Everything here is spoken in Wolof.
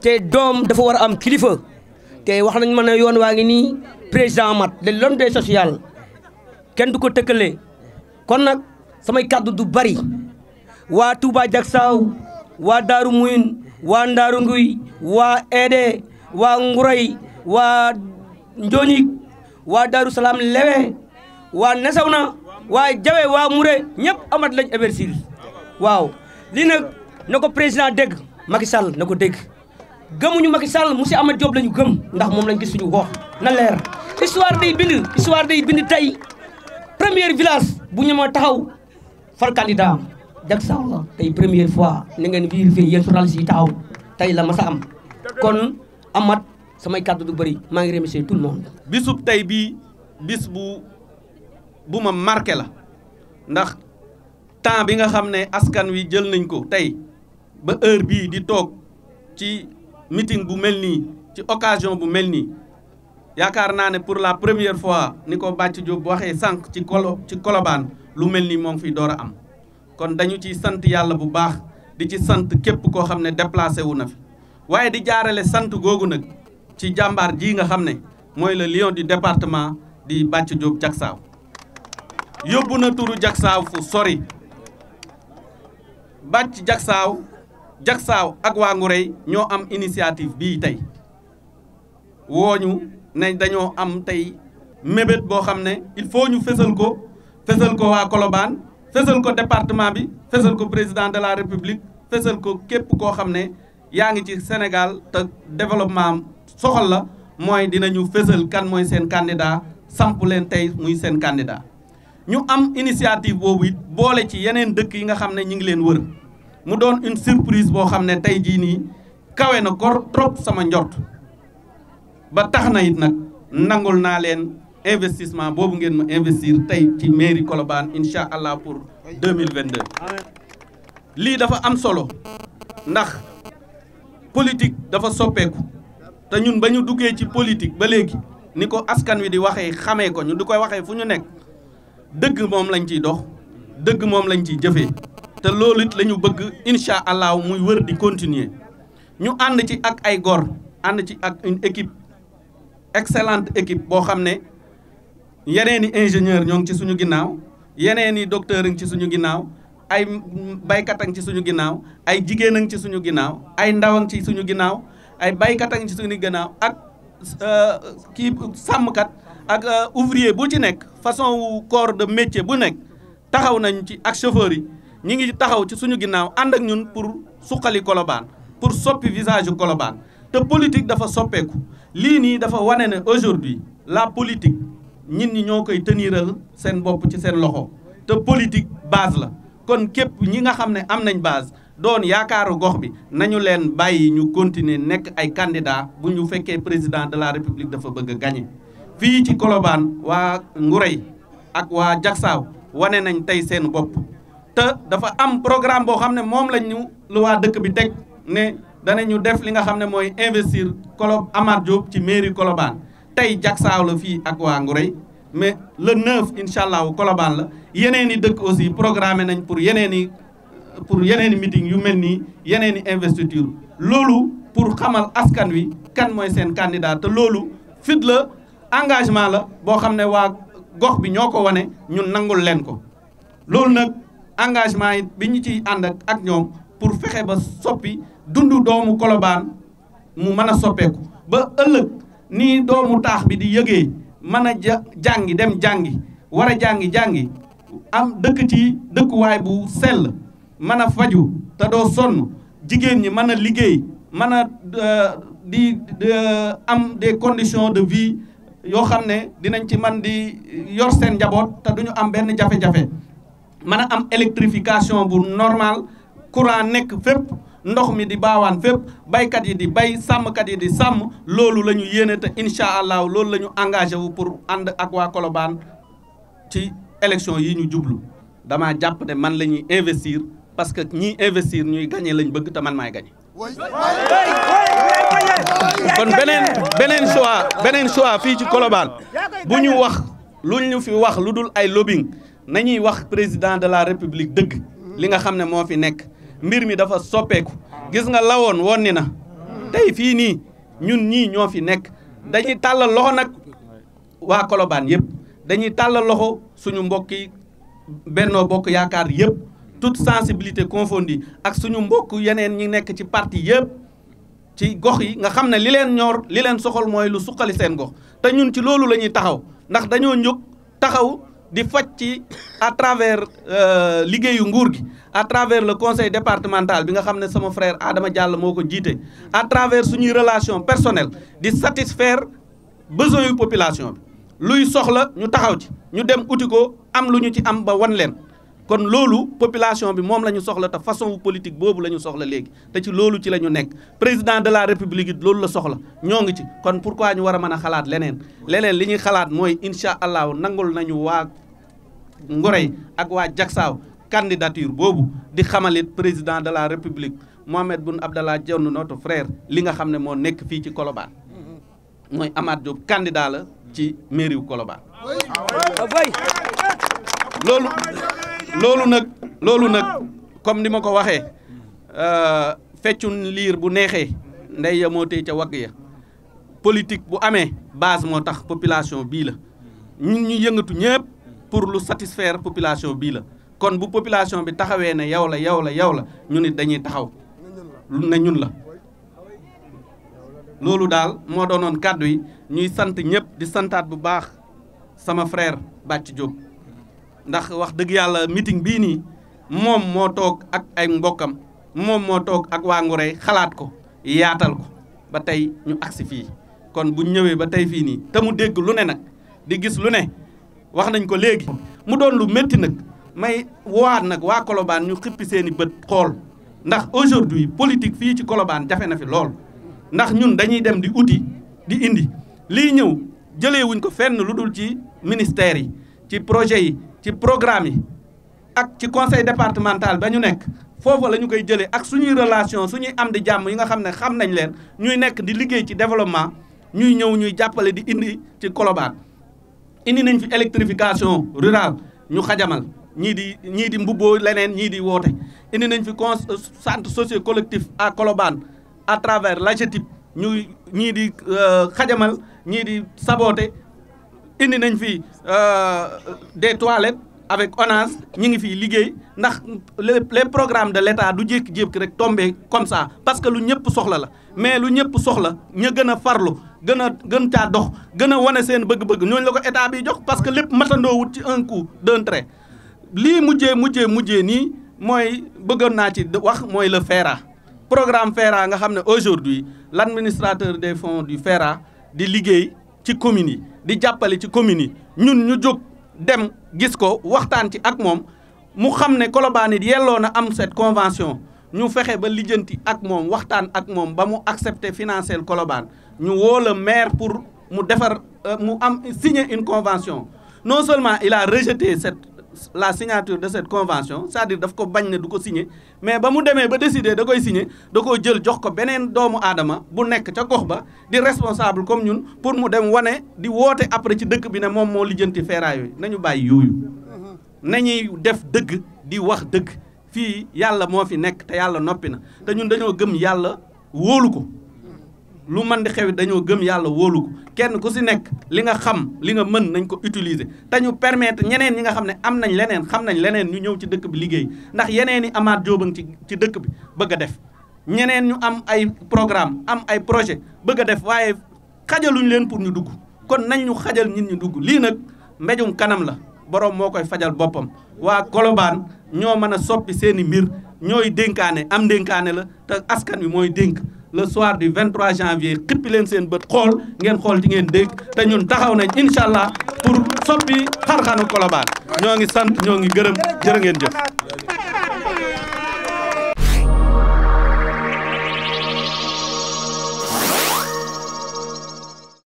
te doom dafa war a am kilifa te wax nañ ma ne yoon waa ngi nii président mat de l'homme des social kenn du ko tëkkale kon nag samay kàddu du bari waa Touba saw waa Daaru Muyin waa Ndaaru Nguy waa Eede waa Nguray waa Njoñik waa Daaru Salaam Lewe waa Nesawna waa Jawe waa Mure ñëpp amat lañ avertir waaw lii nag na ko président dégg Macky Sall na ko dégg gëmuñu Macky Sall monsieur Amath Diop la ñu gëm ndax moom lañ gis suñu wax na leer histoire day bind histoire day bind tey première village bu ñu taxaw far candidat jag sax la tey première fois ni ngeen vérifié yéen journaliste yi taxaw tey la ma sa am kon amat samay kàddu du bëri maa ngi remercier tout le monde bisub tey bii bis bu bu ma marqué la ndax temps bi nga xam ne askan wi jël nañ ko tey ba heure bii di toog ci mitin bu mel nii ci occasion bu mel nii yaakaar naa ne pour la première fois ni ko Bàcc Diop waxee sànq ci kolo ci kolobaan lu mel nii moom fi fiy door a am kon dañu ciy sant yàlla bu baax di ci sant képp koo xam ne déplacé wu na fi waaye di jaarale sant googu nag ci jàmbaar ji nga xam ne mooy le lion di département di Bàcc Diop Diacksao yóbbu na turu Diacksao fu sori Bàcc Diacksao Jaksaaw ak waa Ngurey ñoo am initiative bii tey wooñu ne dañoo am tey mébét boo xam ne il faut ñu fësal ko fësal ko waa Colobane fësal ko département bi fësal ko président de la république fësal ko képp koo xam ne yaa ngi ci Sénégal te développement am soxal la mooy dinañu fësal kan mooy seen candidat samp leen tey muy seen candidat ñu am initiative boobu it boole ci yeneen dëkk yi nga xam ne ñu ngi leen wër mu doon une surprise boo xam ne tey jii nii kawe na kor trop sama njort ba tax na it nag nangul naa leen investissement boobu ngeen ma investir tey ci mairie Colobane incha allah pour 2022 lii dafa am solo ndax politique dafa soppeeku te ñun ba ñu duggee ci politique ba léegi ni ko askan wi di waxee xamee ko ñu di koy waxee fu ñu nekk dëgg moom lañ ciy dox dëgg moom lañ ciy jëfee te loolu it la ñu bëgg incha allah muy wër di continuer ñu ànd ci ak ay góor ànd ci ak une équipe excellente équipe boo xam ne yeneen i ingénieur ñoo ngi ci suñu ginnaaw yeneen i docteur ngi ci suñu ginnaaw ay baykat a ngi ci suñu ginnaaw ay jigéen a ngi ci suñu ginnaaw ay ndaw a ngi ci suñu ginnaaw ay baykat a ngi ci suñu ginnaaw ak euh, kii sàmmkat ak euh, ouvrier bu ci nekk façon corps de métier bu nekk taxaw nañ ci ak chauffeur yi ñi ngi taxaw ci suñu ginnaaw ànd ak ñun pour suqali kolobaan pour soppi visage yu Colobane te politique dafa soppeeku lii nii dafa wane ne aujourd'hui la politique nit ñi ñoo koy teniral seen bopp ci seen loxo te politique base la kon képp ñi nga xam ne am nañ base doon yaakaaru gox bi nañu leen bàyyi ñu continuer nekk ay candidat bu ñu fekkee président de la république dafa bëgg a fii ci kolobaan waa Ngurey ak waa Jaksaaw wane nañ tey seen bopp te dafa am programme boo xam ne moom lañ ñu lu waa dëkk bi teg ne ñu def li nga xam ne mooy investir Kolo Amar Diop ci mairie Colobane tey jagsaaw la fii ak waa Ngurey mais le 9 incha allahu Colobane la yeneen i dëkk aussi programmé nañ pour yeneen i pour yeneen i meeting yu mel nii yeneen i investiture loolu pour xamal askan wi kan mooy seen candidat te loolu fit la engagement la boo xam ne waa gox bi ñoo ko wane ñun nangul leen ko loolu nag engagement yi bi ñu ciy ànd ak ñoom pour fexe ba soppi dundu doomu kolobaan mu mën a soppeeku ba ëllëg nii doomu taax bi di yëgee mën a ja jàngi dem jàngi war a jàngi jàngi am dëkk ci dëkkuwaay bu sell mën a faju te doo sonn jigéen ñi mën a liggéey mën a euh, di euh, am des conditions de vie yoo xam ne dinañ ci man di yor seen njaboot te duñu am benn jafe-jafe mën a am électrification bu normal courant nekk fépp ndox mi di baawaan fépp baykat yi di bay sàmmkat yi di sàmm loolu la ñu yéene te incha allah loolu la ñu engagé wu pour ànd ak waa Colobane ci élection yi ñu jublu dama jàpp ne man la ñuy investir parce que ñiy investir ñuy gagné lañ bëgg te man maay gagné. kon beneen beneen choix beneen choix fii ci Colobane bu ñu wax luñ ñu fi wax lu dul ay lobbying. nañuy wax président de la république dëgg li nga xam ne moo fi nekk mbir mi dafa soppeeku gis nga lawoon woon ni na tey fii nii ñun ñii ñoo fi nekk dañuy tàllal loxo nag waa Colobane yëpp dañuy tàllal loxo suñu mbokk yi Benno Bokk Yaakaar yëpp toute sensibilité confondue ak suñu mbokk yeneen ñi nekk ci parti yëpp ci gox yi nga xam ne li leen ñor li leen soxal mooy lu suqali seen gox te ñun ci loolu la ñuy taxaw ndax dañoo njëkk taxaw di faj ci à travers euh, liggéeyu nguur gi à travers le conseil départemental bi nga xam ne sama frère Adama jàll moo ko jiite à travers suñuy relation personnelle di satisfaire besoin yu population bi luy soxla ñu taxaw ci ñu dem uti ko am lu ñu ci am ba wan leen kon loolu population bi moom la ñu soxla te façon politique boobu la ñu soxla léegi te ci loolu ci la ñu nekk président de la république it loolu la soxla ñoo ngi ci kon pourquoi ñu war a mën a xalaat leneen leneen li ñuy xalaat mooy incha allahu nangul nañu waa Ngorey ak waa Jaksaaw candidature boobu di xamalit président de la république Mohamed Boun Abdallah Dionne notre frère li nga xam ne moo nekk fii ci Colobane mooy amaat Diop candidat la ci mairie wu loolu nag loolu nag comme ni ma ko waxee euh, feccun liir bu neexee ndey ya moo tey ca wagg ya politique bu amee base moo tax population bii la ñu ñu yëngatu ñëpp pour lu satisfaire population bii la kon bu population bi taxawee ne yow la yow la yow la ñu nit dañuy taxaw lu ne ñun la loolu daal moo doonoon kàddu yi ñuy sant ñëpp di santaat bu baax sama frère Bàcc Diop ndax wax dëgg yàlla mitin bii nii moom moo toog ak ay mbokkam moom moo toog ak waa Ngureye xalaat ko yaatal ko ba tey ñu agsi fii kon bu ñëwee ba tey fii nii te mu dégg lu ne nag di gis lu ne wax nañ ko léegi mu doon lu métti nag may waat nag waa Colobane ñu xippi seeni bët xool ndax aujourd'hui politique fii ci kolobaan jafe na fi lool ndax ñun dañuy dem di uti di indi lii ñëw jëlee ko fenn lu dul ci ministères yi ci projet yi ci programme yi ak ci conseil départemental ba ñu nekk foofu la ñu koy jëlee ak suñuy relation suñuy am di jàmm yi nga xam ne xam nañ leen ñuy nekk di liggéey ci développement ñuy ñëw ñuy jàppale di indi ci Colobane indi nañ fi électrification rurale ñu xajamal ñii di ñii di mbubboo leneen ñii di woote indi nañ fi con sant euh, socio collectif à Colobane à travers l'AGETIP ñuy ñii di euh, xajamal ñii di saboté indi nañ fi euh, des toilettes avec ONAS ñi ngi fi liggéey ndax les programmes de l'État du jékki-jékki rek tombé comme ça parce que lu ñëpp soxla la mais lu ñëpp soxla ña gën a farlu gën a gën caa dox gën a wane seen bëgg-bëgg ñooñu la ko état bi jox parce que lépp matandoowut ci un coup d'un trait lii mujjee mujjee mujjee nii mooy bëggoon naa ci wax mooy le FERA programme FERA nga xam ne aujourd'hui l'administrateur des fonds du FERA di liggéey ci communes yi di jàppale ci communes yi ñun ñu jóg dem gis ko waxtaan ci ak moom mu xam ne Colobane yelloo na am cette convention ñu fexe ba lijjanti ak moom waxtaan ak moom ba mu accepté financer Colobane ñu woo la maire pour mu defar euh, mu am signer une convention non seulement il a rejeté cette la signature de cette convention c'est-à-dire daf ko bañ ne du ko signer mais ba mu demee ba décider da koy signer da koo jël jox ko beneen doomu aadama bu nekk ca gox ba di responsable comme ñun pour mu dem wane di woote après ci dëkk bi ne moom moo lijjanti feeraay yooyu nañu bàyyi yooyu nañuy def dëgg di wax dëgg fii yàlla moo fi nekk te yàlla noppi na te ñun dañoo gëm yàlla wóolu ko lu man di xewit dañoo gëm yàlla wóolu kenn ku si nekk li nga xam li nga mën nañ ko utiliser te ñu permettre ñeneen ñi nga xam ne am nañ leneen xam nañ leneen ñu ñëw ci dëkk bi liggéey ndax yeneen i amaat jóoban ci dëkk bi bëgg a def ñeneen ñu am ay programme am ay projet bëgg a def waaye xajaluñ leen pour ñu dugg kon nañ ñu xajal ñin ñu dugg lii nag mbéjum kanam la borom moo koy fajal boppam waa Colobane ñoo mën a soppi seeni mbir ñooy dénkaane am dénkaane la te askan wi mooy dénk le soir du 23 janvier xippi leen seen bët xool ngeen xool ci ngeen dégg te ñun taxaw nañ incha allah pour soppi xarxanu Colobane ñoo ngi sant ñoo ngi gërëm jërë ngeen jëf